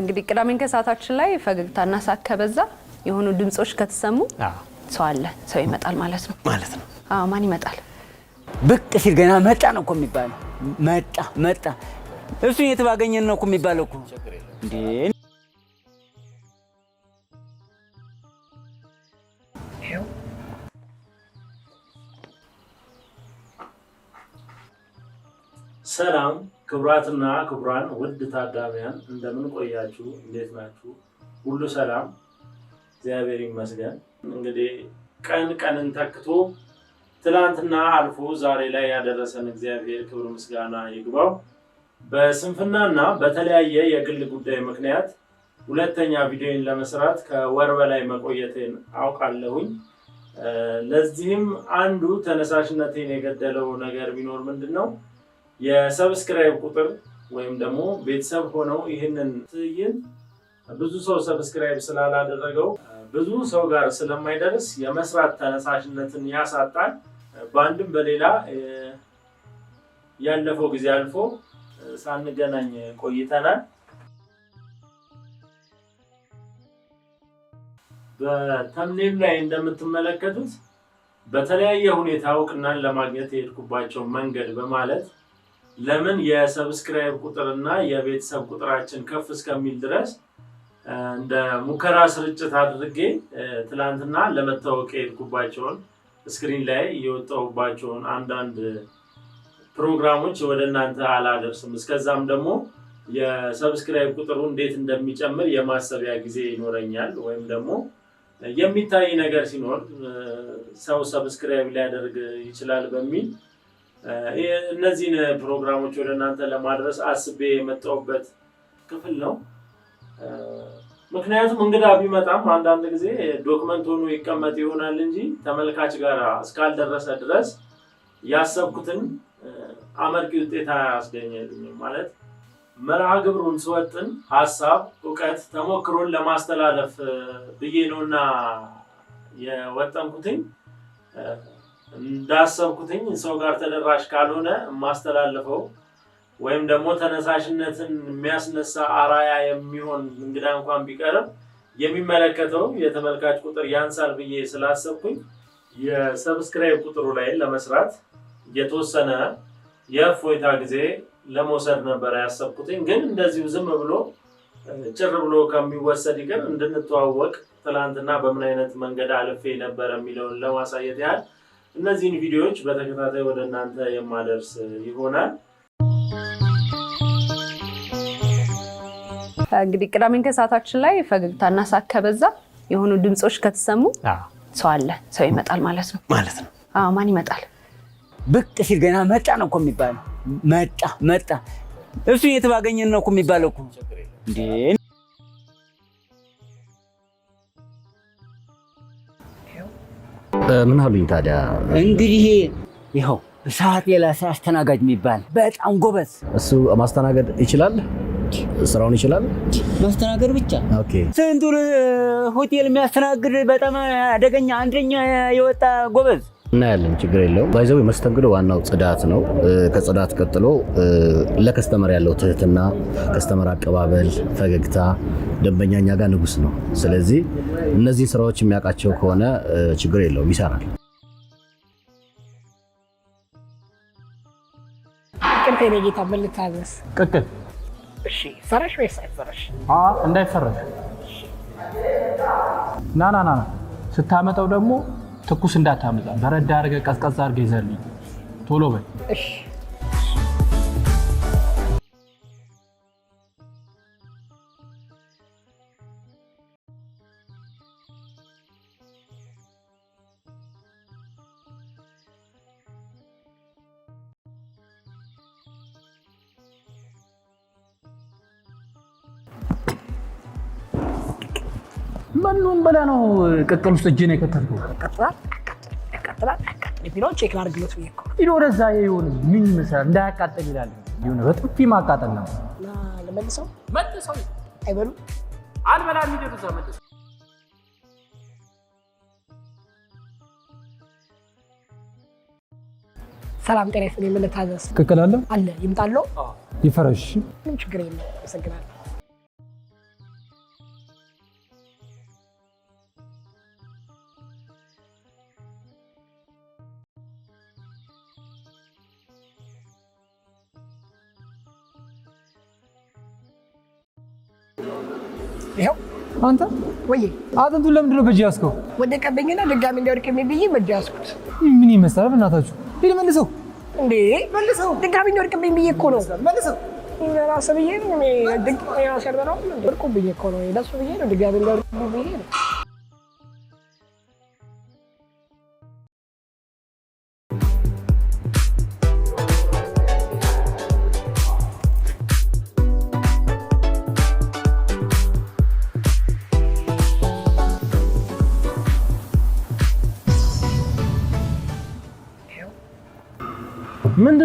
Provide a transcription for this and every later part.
እንግዲህ ቅዳሜን ከሰዓታችን ላይ ፈገግታና ሳቅ ከበዛ የሆኑ ድምጾች ከተሰሙ ሰው አለ፣ ሰው ይመጣል ማለት ነው ማለት ነው። አዎ ማን ይመጣል? ብቅ ሲል ገና መጣ ነው እኮ የሚባለው። መጣ መጣ፣ እሱን የት ባገኘን ነው እኮ የሚባለው እኮ እንዴ። ሰላም ክቡራትና ክቡራን ውድ ታዳሚያን እንደምን ቆያችሁ? እንዴት ናችሁ? ሁሉ ሰላም? እግዚአብሔር ይመስገን። እንግዲህ ቀን ቀንን ተክቶ ትናንትና አልፎ ዛሬ ላይ ያደረሰን እግዚአብሔር ክብር ምስጋና ይግባው። በስንፍናና በተለያየ የግል ጉዳይ ምክንያት ሁለተኛ ቪዲዮን ለመስራት ከወር በላይ መቆየቴን አውቃለሁኝ። ለዚህም አንዱ ተነሳሽነቴን የገደለው ነገር ቢኖር ምንድን ነው የሰብስክራይብ ቁጥር ወይም ደግሞ ቤተሰብ ሆነው ይህንን ትዕይንት ብዙ ሰው ሰብስክራይብ ስላላደረገው ብዙ ሰው ጋር ስለማይደርስ የመስራት ተነሳሽነትን ያሳጣል። በአንድም በሌላ ያለፈው ጊዜ አልፎ ሳንገናኝ ቆይተናል። በተምኔል ላይ እንደምትመለከቱት በተለያየ ሁኔታ እውቅናን ለማግኘት የሄድኩባቸው መንገድ በማለት ለምን የሰብስክራይብ ቁጥር እና የቤተሰብ ቁጥራችን ከፍ እስከሚል ድረስ እንደ ሙከራ ስርጭት አድርጌ ትላንትና ለመታወቅ የሄድኩባቸውን ስክሪን ላይ የወጣሁባቸውን አንዳንድ ፕሮግራሞች ወደ እናንተ አላደርስም። እስከዛም ደግሞ የሰብስክራይብ ቁጥሩ እንዴት እንደሚጨምር የማሰቢያ ጊዜ ይኖረኛል። ወይም ደግሞ የሚታይ ነገር ሲኖር ሰው ሰብስክራይብ ሊያደርግ ይችላል በሚል እነዚህን ፕሮግራሞች ወደ እናንተ ለማድረስ አስቤ የመጣሁበት ክፍል ነው። ምክንያቱም እንግዳ ቢመጣም አንዳንድ ጊዜ ዶክመንት ሆኖ ይቀመጥ ይሆናል እንጂ ተመልካች ጋር እስካልደረሰ ድረስ ያሰብኩትን አመርቂ ውጤት አያስገኘልኝም። ማለት መርሃ ግብሩን ስወጥን ሀሳብ፣ እውቀት፣ ተሞክሮን ለማስተላለፍ ብዬ ነውና የወጠንኩትኝ እንዳሰብኩትኝ ሰው ጋር ተደራሽ ካልሆነ የማስተላልፈው ወይም ደግሞ ተነሳሽነትን የሚያስነሳ አራያ የሚሆን እንግዳ እንኳን ቢቀርብ የሚመለከተው የተመልካች ቁጥር ያንሳል ብዬ ስላሰብኩኝ የሰብስክራይብ ቁጥሩ ላይ ለመስራት የተወሰነ የእፎይታ ጊዜ ለመውሰድ ነበረ ያሰብኩትኝ። ግን እንደዚሁ ዝም ብሎ ጭር ብሎ ከሚወሰድ ይቅር እንድንተዋወቅ ትላንትና በምን አይነት መንገድ አልፌ ነበረ የሚለውን ለማሳየት ያህል እነዚህን ቪዲዮዎች በተከታታይ ወደ እናንተ የማደርስ ይሆናል። እንግዲህ ቅዳሜን ከሰዓታችን ላይ ፈገግታና ሳቅ ከበዛ የሆኑ ድምፆች ከተሰሙ ሰው አለ፣ ሰው ይመጣል ማለት ነው ማለት ነው። አዎ ማን ይመጣል? ብቅ ሲል ገና መጣ ነው እኮ የሚባለው። መጣ መጣ፣ እሱ የት ባገኘን ነው እኮ የሚባለው እኮ እንዴ ምን አሉኝ ታዲያ? እንግዲህ ይኸው እሳት የላሰ አስተናጋጅ የሚባል በጣም ጎበዝ፣ እሱ ማስተናገድ ይችላል፣ ስራውን ይችላል፣ ማስተናገድ ብቻ። ኦኬ፣ ስንቱን ሆቴል የሚያስተናግድ በጣም አደገኛ አንደኛ የወጣ ጎበዝ እናያለን። ችግር የለውም። ባይዘው መስተንግዶ ዋናው ጽዳት ነው። ከጽዳት ቀጥሎ ለከስተመር ያለው ትህትና፣ ከስተመር አቀባበል፣ ፈገግታ ደንበኛ እኛ ጋር ንጉስ ነው። ስለዚህ እነዚህን ስራዎች የሚያውቃቸው ከሆነ ችግር የለውም፣ ይሰራል። ቅቅል በጌታ ቅቅል ፈረሽ ወይስ አይፈረሽ? እንዳይፈረሽ ስታመጠው ደግሞ ትኩስ እንዳታመጣ በረዳ አድርገህ ቀዝቀዝ አድርገህ ይዘህልኝ ቶሎ በል። መኑን በላ ነው ቅቅል ውስጥ እጄን የከተልኩት። ቀጥላል ቀጥላል የሚለውን ቼክ ላድርግለት ብዬሽ እኮ ሂዶ ወደዛ የሆነ ምን ይመስላል እንዳያቃጠል ይላል። በጥፊ ማቃጠል ነው። መልሰው አልበላ የሚደሩ መልሰው ሰላም ጤና ይስጥልኝ። የምንታዘዝ ቅቅል አለ አለ ይምጣለው ይፈረሽ ምን ችግር የለም። አመሰግናለሁ። ይኸው አንተ ወይ አጥንቱን ለምንድነው ነው በእጅ ያዝከው? ወደቀብኝና ድጋሚ እንዲያወድቅብኝ ብዬ በእጅ ያዝኩት። ምን ይመስላል? በእናታችሁ ሂድ መልሰው። እንዴ መልሰው፣ ድጋሚ እንዲያወድቅብኝ ብዬ እኮ ነው። መልሰው ራስህ ብዬ ነው። ድጋሚ ያልበላው ወድቁብኝ እኮ ነው። ለሱ ብዬ ነው ድጋሚ እንዲያወድቅብኝ ብዬ ነው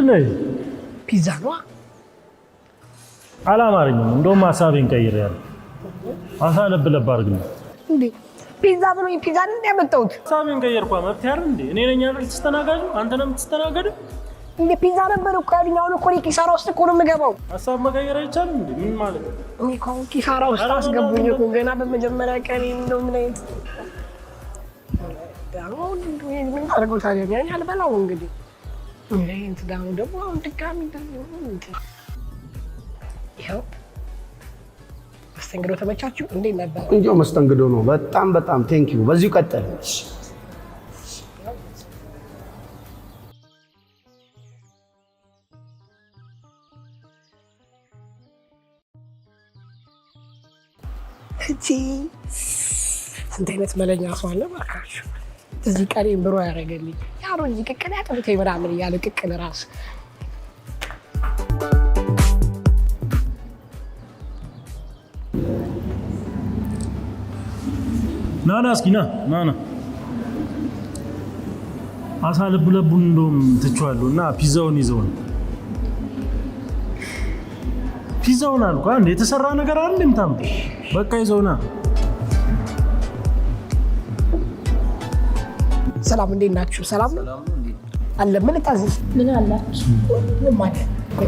ምንድን ፒዛ ነው። አላማረኝም። እንደውም ሀሳቤን ቀይሬያለሁ። አሳ ለብ ለብ አድርግልኝ። እንዴ ፒዛ ብሎ ፒዛ ነው ያመጣሁት ሀሳቤን ቀየርኳ። መብት ያለ እንዴ እኔ ነኝ አይደል ተስተናጋጁ? አንተ ነው የምትስተናገደው? እንዴ ፒዛ ነበር እኮ ያሉኝ። አሁን እኮ እኔ ኪሳራ ውስጥ እኮ ነው የምገባው። ሀሳብ መቀየር አይቻልም እንዴ? ምን ማለት ነው? እኔ እኮ አሁን ኪሳራ ውስጥ አስገቡኝ እኮ ገና በመጀመሪያ ቀን ነው። ምን አይነት ምን አድርገው ታዲያ? ያን አልበላው እንግዲህ ይህን ትዳሙ ደግሞ አሁን ድጋሚ ይኸው መስተንግዶ ተመቻችሁ? እንዴት ነበር? እንዲያው መስተንግዶ ነው። በጣም በጣም ቴንኪዩ። በዚሁ ቀጥል። ስንት አይነት መለኛ ሰው አለ ባካችሁ። እዚህ ቀኔን ብሮ ያደረገልኝ ያሮ እንጂ ቅቅል ያጥብተኝ ምናምን እያለ ቅቅል ራስ ናና እስኪ ና ናና አሳ ልቡ ለቡን እንደውም ትቼዋለሁ እና ፒዛውን ይዘውን ፒዛውን አልኳ። የተሰራ ነገር አለ ምታም በቃ ይዘውና ሰላም እንዴት ናችሁ? ሰላም አለ። ምን ታዘዝ? ምን አላችሁ? ምንም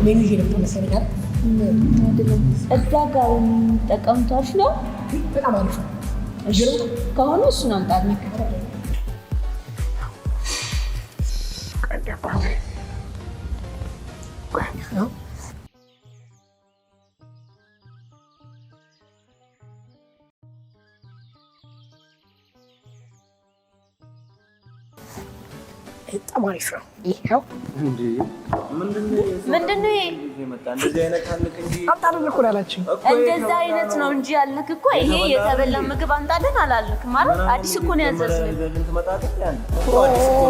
ሜኑ ይዤ መሰለኝ እዛ ጋር ጠቀምታች ነው። በጣም አሪፍ ነው ከሆነ እሱን አምጣት ነው በጣም አሪፍ ነው። ይኸው ምንድን ነው አምጣልን እኮ አላችሁ። እንደዛ አይነት ነው እንጂ ያልክ እኮ ይሄ የተበላ ምግብ አምጣልን አላልክ ማለት አዲስ እኮ ነው ያዘዝን።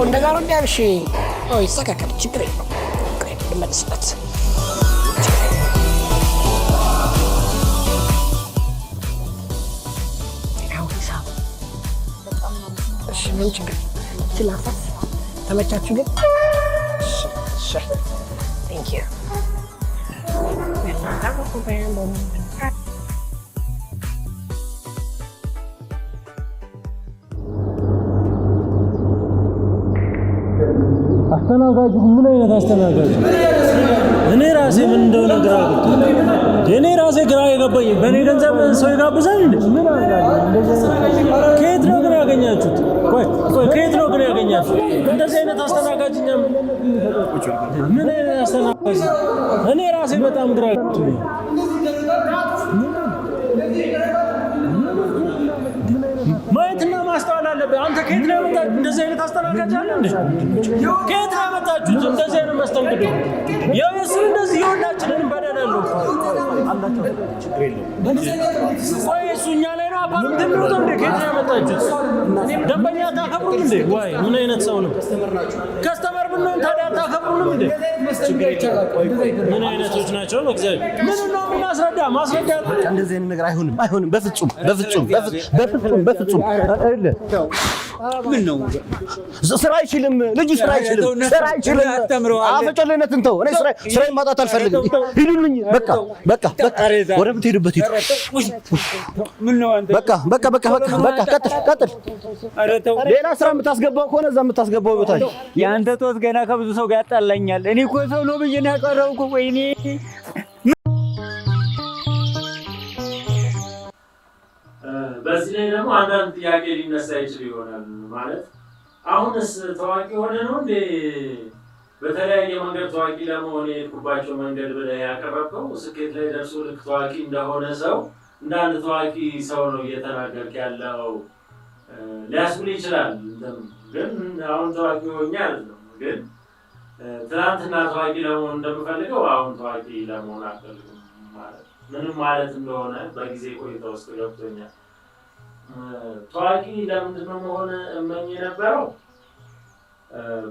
እንደዛ ነው እንዲያብሽ ይስተካከል፣ ችግር የለውም ልመልስበት ምን ችግር તમે ચાચું thank you Aslan Ağacı, Humbune'ye de Aslan Ağacı. እኔ ራሴ ምን እንደሆነ ግራ እኔ ራሴ ግራ የገባኝ በእኔ ገንዘብ ሰው ይጋብዛል እንዴ? ከየት ነው ግን ያገኛችሁት? ቆይ ቆይ፣ ከየት ነው ግን ያገኛችሁት? እንደዚህ አይነት አስተናጋጅ ምን አይነት አስተናጋጅ? እኔ ራሴ በጣም ግራ አንተ ከየት ነው ያመጣ? እንደዚህ አይነት አስተናጋጅ አለ እንዴ? ከየት ያመጣችሁት እንደዚህ አይነት መስተንግዶ? የእሱ እንደዚህ የሁላችንንም በደል አለው። ቆይ እሱ እኛ ላይ ነው አፓርት የሚሉት እንዴ? ከየት ነው ያመጣችሁት? ደንበኛ ታከብሩም እንዴ? ዋይ ምን አይነት ሰው ነው? ከስተማ ቡናን ታዲያ አታከብሩንም እንዴ? ምን አይነቶች ናቸው? ምን ነው የምናስረዳ? ማስረዳ እንደዚህ አይነት ነገር አይሆንም፣ አይሆንም፣ በፍጹም በፍጹም በፍጹም በፍጹም ምን ነው ስራ አይችልም ልጁ ስራ አይችልም፣ ስራ አይችልም። አፈጨለነትን ተው። እኔ ስራ ስራ ማጣት አልፈልግም። ሂዱልኝ። በቃ በቃ በቃ፣ ወደምትሄዱበት ሂዱ። በቃ በቃ በቃ በቃ በቃ። ቀጥል ቀጥል። ሌላ ስራ የምታስገባው ከሆነ እዛ የምታስገባው ቦታ ያንተ ጦስ ገና ከብዙ ሰው ጋር ያጣላኛል። እኔ እኮ ሰው ነው ብዬ ነው ያቀረብኩ። ወይኔ በዚህ ላይ ደግሞ አንዳንድ ጥያቄ ሊነሳ ይችል ይሆናል። ማለት አሁንስ ታዋቂ የሆነ ነው እንዴ? በተለያየ መንገድ ታዋቂ ለመሆን የሄድኩባቸው መንገድ ብለህ ያቀረብከው ስኬት ላይ ደርሶ ልክ ታዋቂ እንደሆነ ሰው እንደ አንድ ታዋቂ ሰው ነው እየተናገርክ ያለው ሊያስብል ይችላል። ግን አሁን ታዋቂ ሆኜ አይደለም ግን ትናንትና ታዋቂ ለመሆን እንደምፈልገው አሁን ታዋቂ ለመሆን አልፈልግም ማለት ምንም ማለት እንደሆነ በጊዜ ቆይታ ውስጥ ገብቶኛል። ታዋቂ ለምንድነው መሆን እመኝ የነበረው?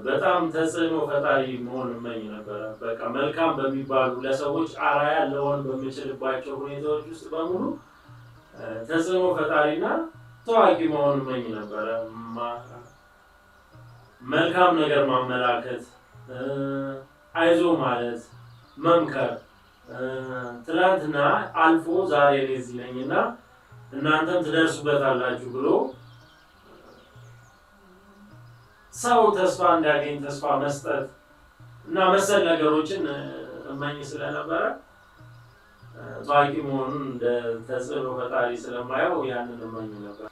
በጣም ተጽዕኖ ፈጣሪ መሆን እመኝ ነበረ። በቃ መልካም በሚባሉ ለሰዎች አራያ ለሆን በምችልባቸው ሁኔታዎች ውስጥ በሙሉ ተጽዕኖ ፈጣሪና ታዋቂ መሆን እመኝ ነበረ። መልካም ነገር ማመላከት፣ አይዞ ማለት፣ መምከር ትላንትና አልፎ ዛሬ ላይ እዚህ ነኝና እናንተም ትደርሱበታላችሁ ብሎ ሰው ተስፋ እንዲያገኝ ተስፋ መስጠት እና መሰል ነገሮችን እመኝ ስለነበረ ታዋቂ መሆኑን እንደ ተጽዕኖ ፈጣሪ ስለማየው ያንን እመኝ ነበር።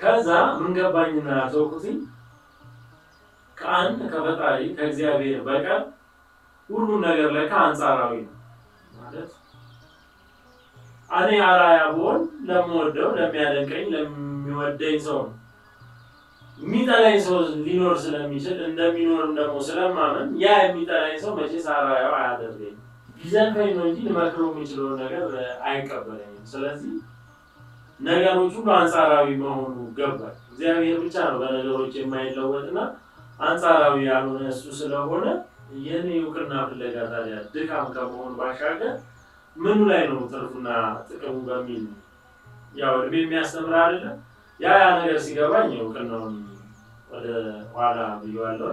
ከዛ ምንገባኝና ተውኩትኝ ከአንድ ከፈጣሪ ከእግዚአብሔር በቀር ሁሉን ነገር ለካ አንጻራዊ ነው። እኔ አራያ ብሆን ለምወደው ለሚያደንቀኝ ለሚወደኝ ሰው ነው። የሚጠላኝ ሰው ሊኖር ስለሚችል እንደሚኖርም ደግሞ ስለማመን ያ የሚጠላኝ ሰው መቼ አራያው አያደርገኝም። ቢዘንፈኝ ነው እንጂ ልመክረው የሚችለውን ነገር አይቀበለኝም። ስለዚህ ነገሮች ሁሉ አንጻራዊ መሆኑ ገባል። እግዚአብሔር ብቻ ነው በነገሮች የማይለወጥና አንጻራዊ ያልሆነ እሱ ስለሆነ ይህን እውቅና ፍለጋ ታዲያ ድካም ከመሆኑ ባሻገር ምኑ ላይ ነው ትርፉና ጥቅሙ በሚል ያው እድሜ የሚያስተምር አይደለም። ያ ያ ነገር ሲገባኝ እውቅናውን ወደ ኋላ ብያለሁ።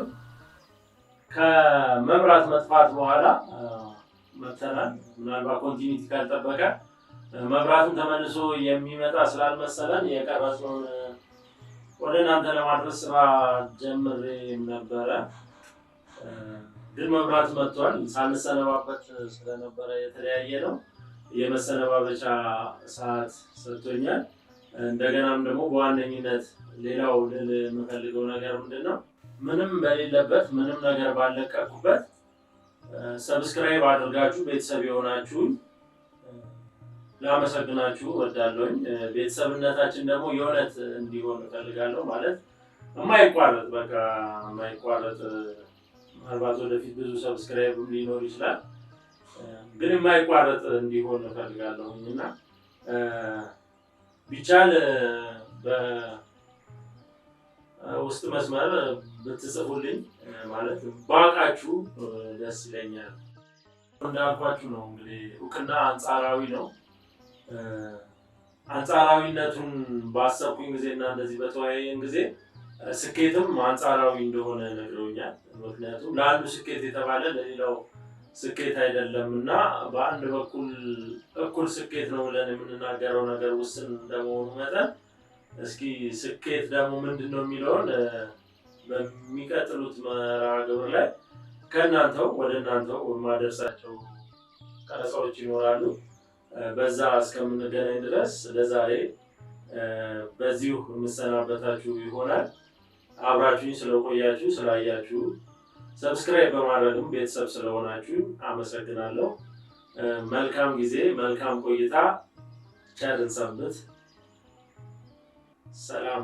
ከመብራት መጥፋት በኋላ መተናል። ምናልባት ኮንቲኒቲ ካልጠበቀ መብራቱን ተመልሶ የሚመጣ ስላልመሰለን የቀረጽነውን ወደ እናንተ ለማድረስ ስራ ጀምሬ ነበረ። ግን መብራት መጥቷል። ሳንሰነባበት ስለነበረ የተለያየ ነው። የመሰነባበቻ ሰዓት ሰጥቶኛል። እንደገናም ደግሞ በዋነኝነት ሌላው ልል የምፈልገው ነገር ምንድን ነው፣ ምንም በሌለበት ምንም ነገር ባለቀቁበት ሰብስክራይብ አድርጋችሁ ቤተሰብ የሆናችሁን ላመሰግናችሁ ወዳለኝ። ቤተሰብነታችን ደግሞ የእውነት እንዲሆን እፈልጋለሁ። ማለት የማይቋረጥ በቃ የማይቋረጥ ምናልባት ወደፊት ብዙ ሰብስክራይብ ሊኖር ይችላል፣ ግን የማይቋረጥ እንዲሆን እፈልጋለሁኝ እና ቢቻል በውስጥ መስመር ብትጽፉልኝ ማለት በአቃችሁ ደስ ይለኛል። እንዳልኳችሁ ነው እንግዲህ እውቅና አንጻራዊ ነው። አንጻራዊነቱን ባሰብኩኝ ጊዜ እና እንደዚህ በተወያየን ጊዜ ስኬትም አንጻራዊ እንደሆነ ነግረውኛል። ምክንያቱም ለአንዱ ስኬት የተባለ ለሌላው ስኬት አይደለም እና በአንድ በኩል እኩል ስኬት ነው ብለን የምንናገረው ነገር ውስን እንደመሆኑ መጠን እስኪ ስኬት ደግሞ ምንድን ነው የሚለውን በሚቀጥሉት መርሃ ግብር ላይ ከእናንተው ወደ እናንተው የማደርሳቸው ቀረጻዎች ይኖራሉ። በዛ እስከምንገናኝ ድረስ ለዛሬ በዚሁ የምሰናበታችሁ ይሆናል። አብራችሁኝ ስለቆያችሁ ስላያችሁ ሰብስክራይብ በማድረግም ቤተሰብ ስለሆናችሁ አመሰግናለሁ። መልካም ጊዜ፣ መልካም ቆይታ። ቸርን ሰንብት። ሰላም